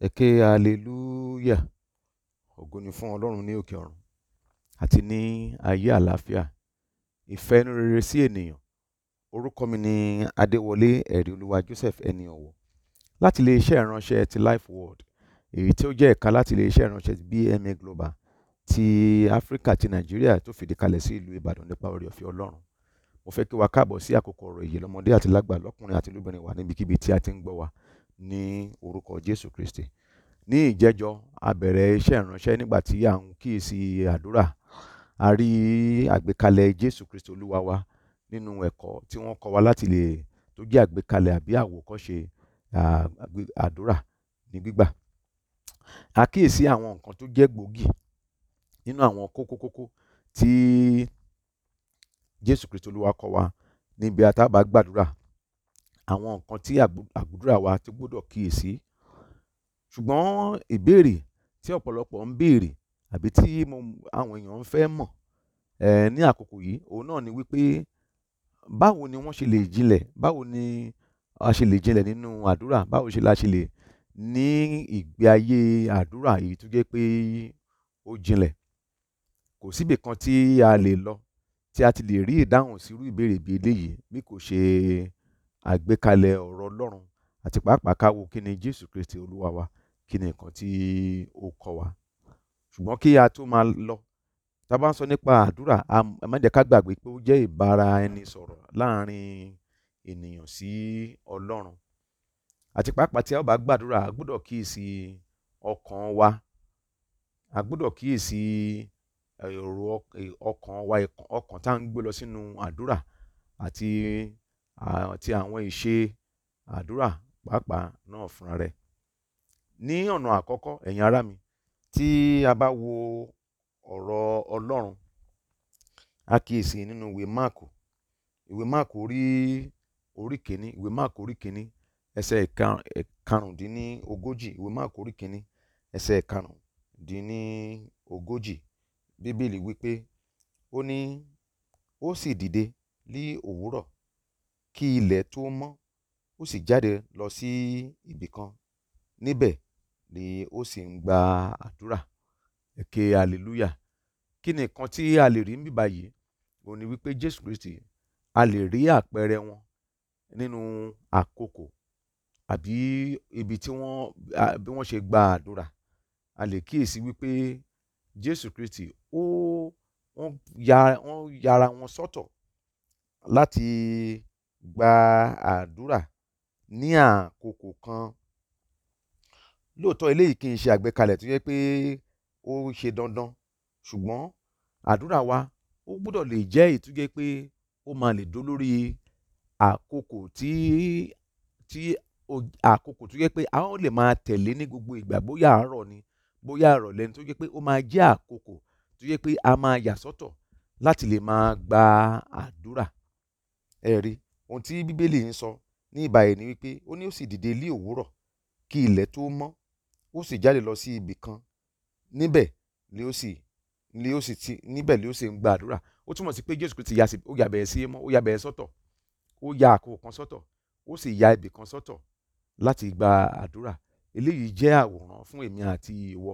ẹ ké hallelúyà ògo ni fún ọlọ́run ní òkè ọ̀run àti ní ayé àlàáfíà ìfẹ́ inú rere sí ènìyàn orúkọ mi ni adéwọlé ẹ̀rí olúwa joseph ẹni ọ̀wọ̀ láti lè iṣẹ́ ìránṣẹ́ ti life world èyí tí ó jẹ́ ẹ̀ka láti lè iṣẹ́ ìránṣẹ́ ti bma global ti áfíríkà ti nàìjíríà tó fìdí kalẹ̀ sí ìlú ìbàdàn nípa oore ọ̀fẹ́ ọlọ́run mo fẹ́ kí wa káàbọ̀ sí àkókò ọ̀rọ̀ èyí lọ́mọdé àti lágbà lọ́kùnrin àti lóbìnrin wa ní orúkọ Jésù Kristi ní ìjẹ́jọ́ a bẹ̀rẹ̀ iṣẹ́ ìránṣẹ́ nígbà tí à ń kíyèsí àdúrà a rí àgbékalẹ̀ Jésù Kristi Olúwa wa nínú ẹ̀kọ́ tí wọ́n kọ́ wa láti lè tó jẹ́ àgbékalẹ̀ àbí àwòkọ́ṣe àdúrà ní gbígbà a kíyèsí àwọn nǹkan tó jẹ́ gbòógì nínú àwọn kókókókó tí Jésù Kristi Olúwa kọ́ wa níbi àtàbà gbàdúrà àwọn nǹkan tí àdúrà wa ti gbọ́dọ̀ kíyèsí ṣùgbọ́n ìbéèrè tí ọ̀pọ̀lọpọ̀ ń béèrè àbí tí àwọn èèyàn ń fẹ́ mọ̀ ní àkókò yìí òun náà ni wípé báwo ni wọ́n ṣe lè jinlẹ̀ báwo ni a ṣe lè jinlẹ̀ nínú àdúrà báwo ṣe la ṣe lè ní ìgbé ayé àdúrà èyí tó jẹ́ pé ó jinlẹ̀ kò síbì kan tí a lè lọ tí a ti lè rí ìdáhùn sírú ìbéèrè bíi eléyìí bí kò ṣe àgbékalẹ̀ ọ̀rọ̀ ọlọ́run àti pàápàá ká wo kí ni jésù kristi olúwa wa kí ni nǹkan tí ó kọ́ wa ṣùgbọ́n kí a tó máa lọ tá a bá ń sọ nípa àdúrà a má jẹ́ ká gbàgbé pé ó jẹ́ ìbára ẹni sọ̀rọ̀ láàrin ènìyàn sí ọlọ́run àti pàápàá tí a bá gbàdúrà a gbọ́dọ̀ kíyèsí ọkàn wa a gbọ́dọ̀ kíyèsí ọkàn wa ọkàn tá à ń gbé lọ sínú àdúrà àti àti àwọn ìṣe àdúrà pàápàá náà fúnra rẹ̀ ní ọ̀nà àkọ́kọ́ ẹ̀yin ará mi tí a bá wo ọ̀rọ̀ ọlọ́run a kíyèsí nínú ìwé máàkù ìwé máàkù orí orí kìíní ìwé máàkù orí kìíní ẹsẹ̀ karùndínlógójì ìwé máàkù orí kìíní ẹsẹ̀ karùndínlógójì bíbélì wípé ó ní ó sì dìde ní òwúrọ̀ kí ilẹ̀ tó mọ́ ó sì jáde lọ sí ibì kan níbẹ̀ ni ó sì ń gba àdúrà ẹ ké kí ni nǹkan tí a lè rí níbí báyìí òun ni wípé jésù kristi a lè rí àpẹẹrẹ wọn nínú àkókò àbí ibi tí wọ́n bí wọ́n ṣe gba àdúrà a lè kíyèsí wípé jésù kristi ó wọ́n ya wọ́n yara wọn sọ́tọ̀ láti gba àdúrà ní àkókò kan lóòótọ́ eléyìí kì í ṣe àgbékalẹ̀ tó yẹ pé ó ṣe dandan ṣùgbọ́n àdúrà wa ó gbọ́dọ̀ lè jẹ́ èyí tó jẹ́ pé ó máa lè dó lórí àkókò tí tí àkókò tó jẹ́ pé a ó lè máa tẹ̀lé ní gbogbo ìgbà bóyá àárọ̀ ni bóyá àrọ̀lẹ́ ni tó jẹ́ pé ó máa jẹ́ àkókò tó jẹ́ pé a máa yà sọ́tọ̀ láti lè máa gba àdúrà ẹ rí ohun tí bíbélì ń sọ ní ìbàyẹn ni wípé ó ní ó sì dìde lí òwúrọ̀ kí ilẹ̀ tó mọ́ ó sì jáde lọ sí ibì kan níbẹ̀ ni ó sì ni ó sì ti níbẹ̀ ni ó sì ń gba àdúrà ó túmọ̀ sí pé jésù kristi ya ó ya bẹ̀rẹ̀ sí í mọ́ ó ya bẹ̀rẹ̀ sọ́tọ̀ ó ya àkókò kan sọ́tọ̀ ó sì ya ibì kan sọ́tọ̀ láti gba àdúrà eléyìí jẹ́ àwòrán fún èmi àti ìwọ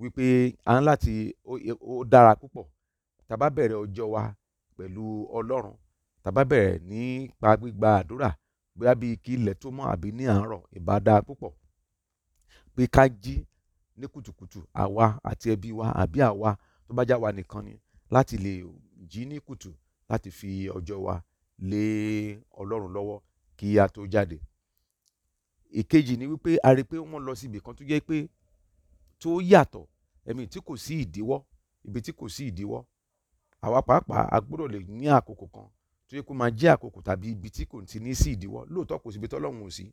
wípé à ń láti ó dára púpọ̀ tá a bá bẹ̀rẹ̀ ọjọ́ wa pẹ̀lú ọlọ́run tá a bá bẹ̀rẹ̀ nípa gbígba àdúrà bóyá bíi kí ilẹ̀ tó mọ́ àbí ní àárọ̀ ìbá dáa púpọ̀ pé ká jí ní kùtùkùtù àwa àti ẹbí wa àbí àwa tó bá já wa nìkan ni láti lè jí ní kùtù láti fi ọjọ́ wa lé Ọlọ́run lọ́wọ́ kí a tó jáde ìkejì ni wípé a rí i pé wọ́n lọ síbi kan tó jẹ́ pé tó yàtọ̀ ẹ̀mí tí kò sí ìdíwọ́ ibi tí kò sí ìdíwọ́ àwa pàápàá a gbọ́dọ̀ lè ní àkókò kan tó yẹ kó máa jẹ́ àkókò tàbí ibi tí kò ti ní sí ìdíwọ́ lóòótọ́ kò síbi tọ́lọ́run ò sí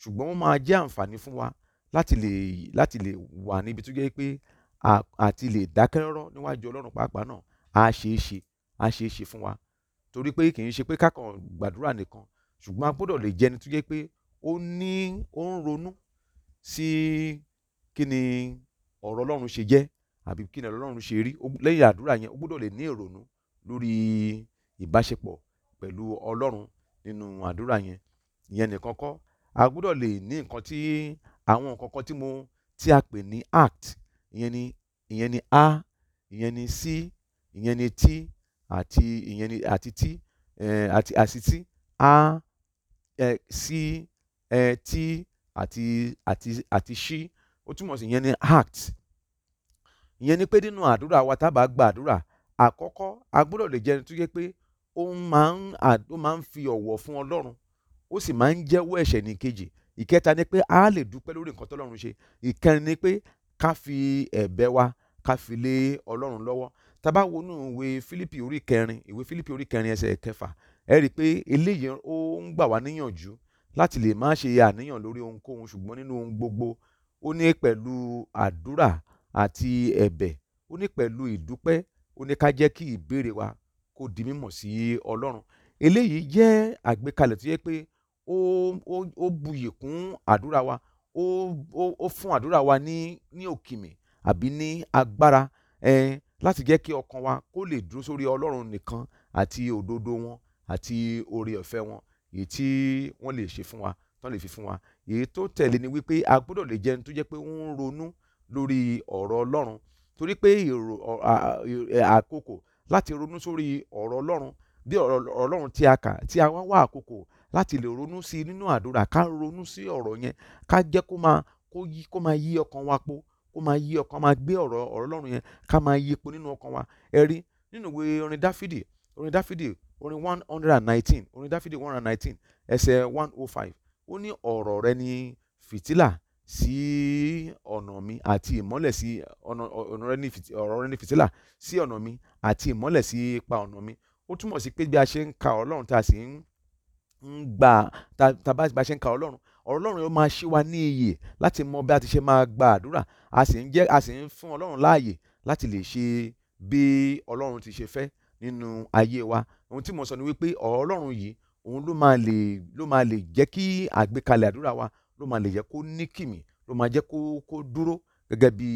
ṣùgbọ́n wọ́n máa jẹ́ àǹfààní fún wa láti lè láti lè wà níbi tó jẹ́ pé àti lè dákẹ́rọ́rọ́ níwájú ọlọ́run pàápàá náà á ṣe é ṣe á ṣe é ṣe fún wa torí pé kì í ṣe pé kákan gbàdúrà nìkan ṣùgbọ́n a gbọ́dọ̀ lè jẹni tó jẹ́ pé ó ní ó ń ronú sí kí ni ọ̀rọ̀ ọlọ́run ṣe jẹ́ àbí kí ni ọlọ́run ṣe rí lẹ́yìn àdúrà yẹn ó lè ní ìrònú lórí ìbáṣepọ̀ pẹ̀lú ọlọ́run nínú àdúrà yẹn ìyẹn nìkan kọ́ a gbọ́dọ̀ lè ní nǹkan tí àwọn nǹkan kan tí mo tí a pè ní act ìyẹn ni ìyẹn ni a ìyẹn ni c ìyẹn ni t àti ìyẹn ni àti t àti àti t a c t àti àti àti ṣí ó túmọ̀ sí ìyẹn ni act ìyẹn ni pé nínú àdúrà wa tá a gba àdúrà àkọ́kọ́ a gbọ́dọ̀ lè jẹ́ ẹni tó yẹ pé ó máa ń ó máa ń fi ọ̀wọ̀ fún ọlọ́run ó sì máa ń jẹ́wọ́ ẹ̀ṣẹ̀ nìkejì ìkẹta ni pé a lè dúpẹ́ lórí nǹkan tọ́lọ́run ṣe ìkẹrin ni pé ká fi ẹ̀bẹ̀ wa ká fi lé ọlọ́run lọ́wọ́ tábà wọnú ìwé Fílípì orí kẹrin ìwé Fílípì orí kẹrin ẹsẹ̀ kẹfà ẹ rí i pé eléyìí ó ń gbà wá níyànjú láti lè má ṣe àníyàn lórí ohunkóhun ṣùgbọ́n nínú ohun gbogbo ó ní pẹ̀lú àdúrà àti ẹ̀bẹ̀ ó ní pẹ̀lú ìdúpẹ́ ó ní ká jẹ́ kí ìbéèrè wa kó di mímọ̀ sí ọlọ́run eléyìí jẹ́ àgbékalẹ̀ tó yẹ pé ó ó ó buyì kún àdúrà wa ó ó ó fún àdúrà wa ní ní òkìmì àbí ní agbára eh, láti jẹ́ kí ọkàn wa kó lè dúró sórí ọlọ́run nìkan àti òdodo wọn àti oore ọ̀fẹ́ wọn èyí tí wọ́n lè ṣe fún wa tán lè fi fún wa èyí tó tẹ̀lé ni wípé a gbọ́dọ̀ lè jẹun tó jẹ́ pé ó ń ronú lórí ọ̀rọ̀ ọlọ́run torí pé àkókò láti ronú sórí ọ̀rọ̀ ọlọ́run bí ọ̀rọ̀ ọlọ́run tí a kà tí a wá wá àkókò láti lè ronú sí i nínú àdúrà ká ronú sí ọ̀rọ̀ yẹn ká jẹ́ kó máa kó yí kó máa yí ọkàn wa po kó máa yí ọkàn máa gbé ọ̀rọ̀ ọ̀rọ̀ ọlọ́run yẹn ká máa yí po nínú ọkàn wa ẹ nínú ìwé orin dáfídì orin dáfídì orin one hundred and nineteen orin dáfídì one hundred and nineteen ẹsẹ̀ one oh five ó ní ọ̀rọ̀ rẹ ni fìtílà sí ọ̀nà mi àti ìmọ́lẹ̀ sí ọ̀nà ọ̀rọ̀ rẹ ní fìtílà sí ọ̀nà mi àti ìmọ́lẹ̀ sí ipa ọ̀nà mi ó túmọ̀ sí pé bí a ṣe ń ka ọlọ́run tá a sì ń gbà tá a ṣe ń ka ọlọ́run ọlọ́run yóò máa ṣí wa ní iyè láti mọ bí a ti ṣe máa gba àdúrà a sì ń jẹ́ a sì ń fún ọlọ́run láàyè láti lè ṣe bí ọlọ́run ti ṣe fẹ́ nínú ayé wa ohun tí mo sọ ni wípé ọlọ́run yìí òun ló máa lè ló máa lè jẹ́ kí àgbékalẹ̀ àdúrà wa ló máa lè jẹ́ kó ní kìmí ló máa jẹ́ kó kó dúró gẹ́gẹ́ bí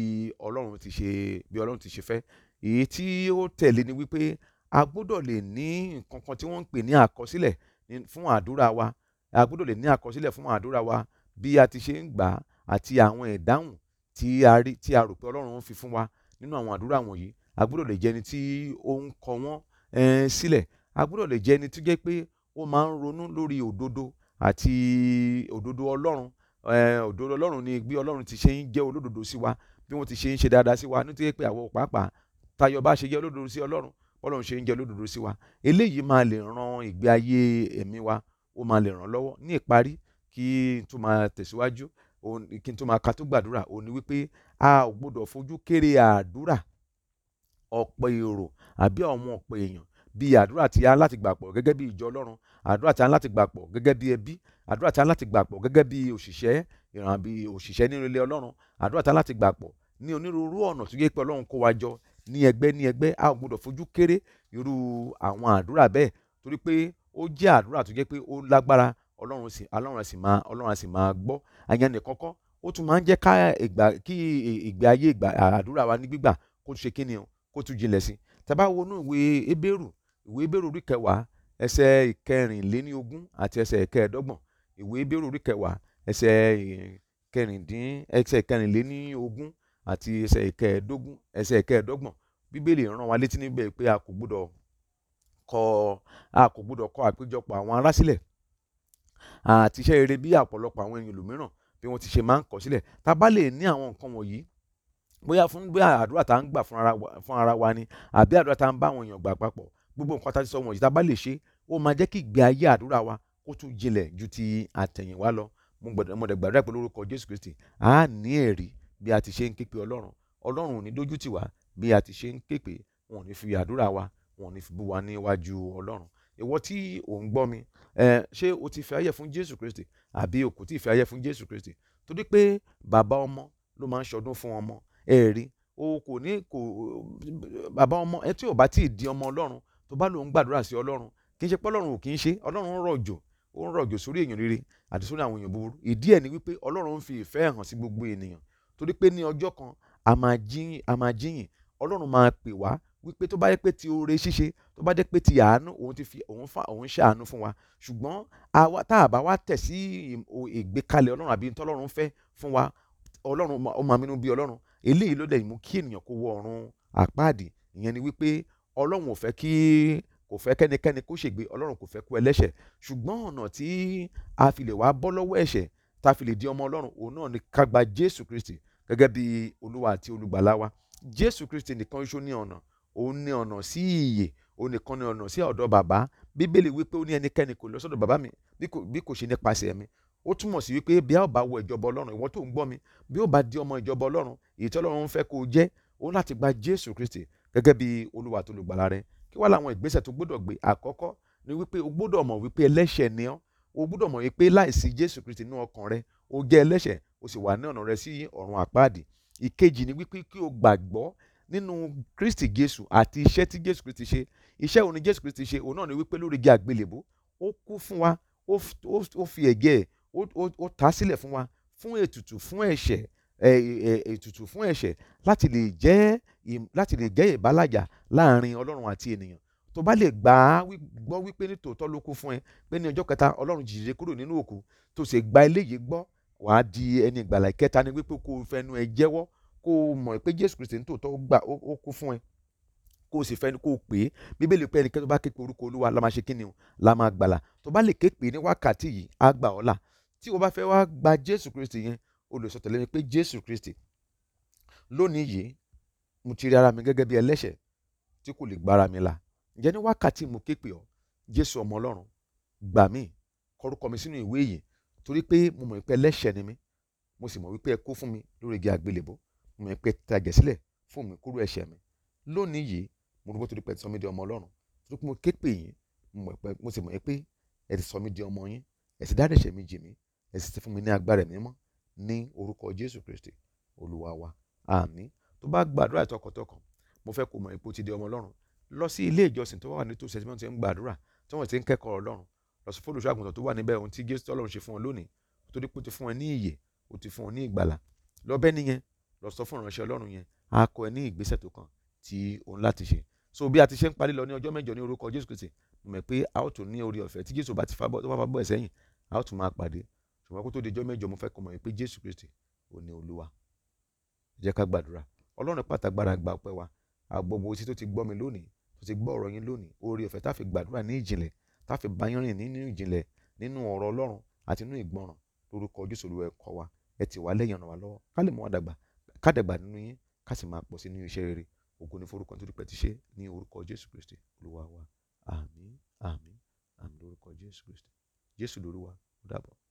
ọlọ́run ti ṣe bí ọlọ́run ti ṣe fẹ́ èyí tí ó tẹ̀lé ni wípé a gbọ́dọ̀ lè ní nǹkan kan tí wọ́n ń pè ní àkọsílẹ̀ fún àdúrà wa a gbọ́dọ̀ lè ní àkọsílẹ̀ fún àdúrà wa bí a ti ṣe ń gbà á àti àwọn ìdáhùn tí a rí tí a rò pé ọlọ́run fi fún wa nínú àwọn àdúrà wọ̀nyí a gbọ́dọ̀ lè jẹ́ ẹni tí ó ń kọ wọ́n sílẹ̀ a gbọ́dọ̀ lè jẹ́ ẹni tó jẹ́ pé ó máa ń ronú lórí òdodo àti òdodo ọlọ́run òdodo ọlọ́run ni bí ọlọ́run ti ṣe ń jẹ́ olódodo sí wa bí wọ́n ti ṣe ń ṣe dáadáa sí wa nítorí pé àwọn pàápàá tayọ bá ṣe jẹ́ olódodo sí ọlọ́run ọlọ́run ṣe ń jẹ́ olódodo sí wa eléyìí máa lè ran ìgbé ayé ẹ̀mí wa ó máa lè ràn lọ́wọ́ ní ìparí kí n tún máa tẹ̀síwájú kí n tún máa ka tó gbàdúrà ó ní wípé a ò gbọdọ̀ fojú kéré àdúrà ọ̀pọ̀ èrò àbí àwọn ọ̀pọ̀ èèyàn bí àdúrà tí a ń láti gbà pọ̀ gẹ́gẹ́ bí ìjọ ọlọ́run àdúrà tí a ń láti gbà pọ̀ gẹ́gẹ́ bí ẹbí àdúrà tí a ń láti gbà pọ̀ gẹ́gẹ́ bí òṣìṣẹ́ ìran bí òṣìṣẹ́ nínú ilé ọlọ́run àdúrà tí a ń láti gbà pọ̀ ní onírúurú ọ̀nà tó yẹ pé ọlọ́run kó wa jọ ní ẹgbẹ́ ní ẹgbẹ́ a ò gbọdọ̀ fojú kéré irú àwọn àdúrà bẹ́ẹ̀ torí pé ó jẹ́ àdúrà tó yẹ pé ó lágbára ọlọ́run sì ọlọ́run sì máa ọlọ́run sì máa gbọ́ àyàn nìkan kọ́ ó tún máa ń jẹ́ ká kí ìgbé ayé àdúrà wa ní gbígbà kó tún ṣe kí ni o kó tún jinlẹ̀ sí tá bá wọnú ìwé ebéèrú ìwé Hébérù orí kẹwàá ẹsẹ̀ ìkẹrìnléníogún àti ẹsẹ̀ ìkẹẹ̀dọ́gbọ̀n ìwé Hébérù orí kẹwàá ẹsẹ̀ ìkẹrìndín ẹsẹ̀ ìkẹrìnléníogún àti ẹsẹ̀ ìkẹẹ̀dógún ẹsẹ̀ ìkẹẹ̀dọ́gbọ̀n bíbélì rán wa létí níbẹ̀ pé a kò gbọ́dọ̀ kọ a kò gbọ́dọ̀ kọ àpéjọpọ̀ àwọn ará sílẹ̀ àti iṣẹ́ rere bí ọ̀pọ̀lọpọ̀ àwọn ènìyàn lòmíràn bí wọ́n ti ṣe máa ń kọ sílẹ̀ tá a bá lè ní àwọn nǹkan wọ̀nyí bóyá fún bí àdúrà tá à ń gbà fún ara wa ni àbí àdúrà tá ń bá àwọn èèyàn gbà papọ̀ gbogbo nǹkan tá a ti sọ wọ̀nyí tá a bá lè ṣe ó máa jẹ́ kí ìgbé ayé àdúrà wa kó tún jinlẹ̀ ju ti àtẹ̀yìnwá lọ mo gbọ́dọ̀ mo gbàdúrà pé lórúkọ Jésù Kristi a ní ẹ̀rí bí a ti ṣe ń képe Ọlọ́run Ọlọ́run ò ní dójú tì wá bí a ti ṣe ń képe wọn ò ní fi àdúrà wa wọn ò ní fi bú wa níwájú Ọlọ́run ìwọ tí ò ń gbọ́ mi ṣé o ti fi ayé fún Jésù Kristi àbí o kò tí ì fi ayé fún Jésù Kristi torí pé bàbá ọmọ ló máa ń ṣọdún fún ọmọ ẹ̀rí o kò ní kò bàbá ọmọ ẹ tí ò bá tí ì di ọmọ Ọlọ́run tó bá lòun gbàdúrà sí ọlọ́run kì í ṣe pé ọlọ́run ò kì í ṣe ọlọ́run rọ̀jò ó ń rọ̀jò sórí èèyàn rere àti sórí àwọn èèyàn búburú ìdí ẹ̀ ni wípé ọlọ́run ń fi ìfẹ́ hàn sí gbogbo ènìyàn torí pé ní ọjọ́ kan a máa jíyìn a máa jíyìn ọlọ́run máa pè wá wípé tó bá yẹ pé ti oore ṣíṣe tó bá jẹ́ pé ti àánú òun ti fi òun fa òun ṣàánú fún wa ṣùgbọ́n tá a bá wá tẹ̀ sí ìgbékalẹ̀ ọlọ́run àbí tọ́lọ́run fẹ́ fún wa ọlọ́run ó máa mínú ọlọ́run eléyìí ló dẹ̀ mú kí ènìyàn kó wọ ọ̀run àpáàdì ìyẹn ni wípé ọlọ́run ò fẹ́ kí kò fẹ́ kẹ́nikẹ́ni kó ṣègbé ọlọ́run kò fẹ́ kú ẹlẹ́ṣẹ̀ ṣùgbọ́n ọ̀nà tí a fi lè wá bọ́ lọ́wọ́ ẹ̀ṣẹ̀ tá a fi lè di ọmọ ọlọ́run òun náà ni ká gba jésù kristi gẹ́gẹ́ bí olúwa àti olùgbàlà wa jésù kristi nìkan ṣoṣo ní ọ̀nà òun ní ọ̀nà sí ìyè òun nìkan ní ọ̀nà sí ọ̀dọ̀ bàbá bíbélì wípé ó ní ẹnikẹ́ni kò lọ sọ́dọ̀ bàbá mi bí kò ṣe nípasẹ̀ mi ó túmọ̀ sí wípé bí a ò bá wọ ìjọba ọlọ́run ìwọ tó ń gbọ́ mi bí ó bá di ọmọ ìjọba ọlọ́run èyí tí ọlọ́run ń fẹ́ kó o jẹ́ ó láti gba jésù kristi gẹ́gẹ́ bí olúwa tó lùgbàlà rẹ kí wàá làwọn ìgbésẹ̀ tó gbọ́dọ̀ gbé àkọ́kọ́ ni wípé o gbọ́dọ̀ mọ̀ wípé ẹlẹ́ṣẹ̀ ni ọ́ o gbọ́dọ̀ mọ̀ wípé láìsí jésù kristi ní ọkàn rẹ o jẹ́ ẹlẹ́ṣẹ̀ o sì wà ní ọ̀nà rẹ sí ọ̀run àpáàdì ìkejì ni wípé kí o gbàgbọ́ nínú kristi jésù àti iṣẹ́ tí jésù kristi ṣe iṣẹ́ òun jésù kristi ṣe òun náà ni wípé lórí igi àgbélébó ó kú fún wa ó fi ẹ̀gẹ́ ẹ̀ ó ta sílẹ̀ fún wa fún ètùtù fún ẹ̀ṣẹ̀ láti lè jẹ́ láti lè jẹ́ ìbálàjà láàrin ọlọ́run àti ènìyàn tó bá lè gbà á gbọ́ wípé ní tòótọ́ ló kú fún ẹ pé ní ọjọ́ kẹta ọlọ́run jìjì kúrò nínú òkú tó sì gba eléyìí gbọ́ wàá di ẹni ìgbàlà ìkẹta ni wípé kó o fẹnu ẹ jẹ́wọ́ kó o mọ̀ pé jésù kristi ní tòótọ́ ó kú fún ẹ kó o sì fẹ́ kó o pè é bíbélì pé ẹnikẹ́ni tó bá ké orúkọ olúwa la máa ṣe kí ni o la máa gbàlà tó bá lè ké pe ní wákàtí yìí á gbà ọ́ là tí o bá fẹ́ wá gba jésù kristi yẹn o mo ti rí ara mi gẹ́gẹ́ bí ẹlẹ́ṣẹ̀ tí kò lè gbára mi là ǹjẹ́ ní wákàtí mo ké pè jésù ọmọ ọlọ́run gbà mí kọrúkọ mi sínú ìwé yìí torí pé mo mọ̀ pé ẹlẹ́ṣẹ̀ ni mí mo sì mọ̀ wípé ẹ kú fún mi lórí igi àgbélébó mo mọ̀ pé tàjẹ̀ sílẹ̀ fún mi kúrò ẹ̀ṣẹ̀ mi lónìí yìí mo dúpẹ́ torí pé ẹ ti sọ mí di ọmọ ọlọ́run torí pé mo ké pè yín mo sì mọ̀ pé ẹ ti sọ mí di ọmọ yín ẹ sì dáàdẹ̀ṣẹ̀ mi jì mí ẹ sì ti fún mi ní agbára ẹ̀mí mímọ́ ní orúkọ jésù kristi olúwa wa àmín tó bá gbàdúrà tọkàntọkàn mo fẹ́ kó mọ̀ ipò ti di ọmọ ọlọ́run lọ sí ilé ìjọsìn tó wà nítòsí ẹtí wọ́n ti ń gbàdúrà tí wọ́n ti ń kẹ́kọ̀ọ́ ọlọ́run lọ sí fólùṣọ́ àgùntàn tó wà níbẹ̀ ohun tí jésù ọlọ́run ṣe fún ọ lónìí tó dípò ti fún ẹ ní ìyè ó ti fún ọ ní ìgbàlà lọ bẹ́ẹ̀ nìyẹn lọ sọ fún ìránṣẹ́ ọlọ́run yẹn á kọ ẹ ní ìgbésẹ̀ tó kàn tí òun láti ṣe so bí a ti ṣe ń parí lọ ní ọjọ́ mẹ́jọ ní orúkọ jésù kristi mo mọ̀ pé a ó tún ní orí ọ̀fẹ́ tí jésù bá ti fa bọ́ tó bá fa bọ́ ẹ̀ sẹ́yìn a ó tún máa pàdé ṣùgbọ́n kó tó di ọjọ́ mẹ́jọ mo fẹ́ kó mọ̀ pé jésù kristi ò ní olúwa jẹ́ ká gbàdúrà ọlọ́run pàtàgbára gbà ọpẹ́ wa àgbọ̀gbọ̀ etí tó ti gbọ́ mi lónìí tó ti gbọ́ ọ̀rọ̀ yín lónìí oore ọ̀fẹ́ tá fi gbàdúrà ní ìjìnlẹ̀ tá fi bá yín rìn nínú ìjìnlẹ̀ nínú ọ̀rọ̀ ọlọ́run àti inú ìgbọràn lórúkọ jésù olúwa ẹ̀kọ́ wa ẹ ti wà lẹ́yìn ọ̀nà wa lọ́wọ́ ká lè mọ àdàgbà ká dàgbà nínú yín ká sì máa pọ̀ sí nínú iṣẹ́ rere ògo ni forúkọ nítorí pẹ̀ ti ṣe ní orúkọ jésù kristi olúwa wa àmín àmín àmín lórúkọ jésù kristi jésù lórúwa ó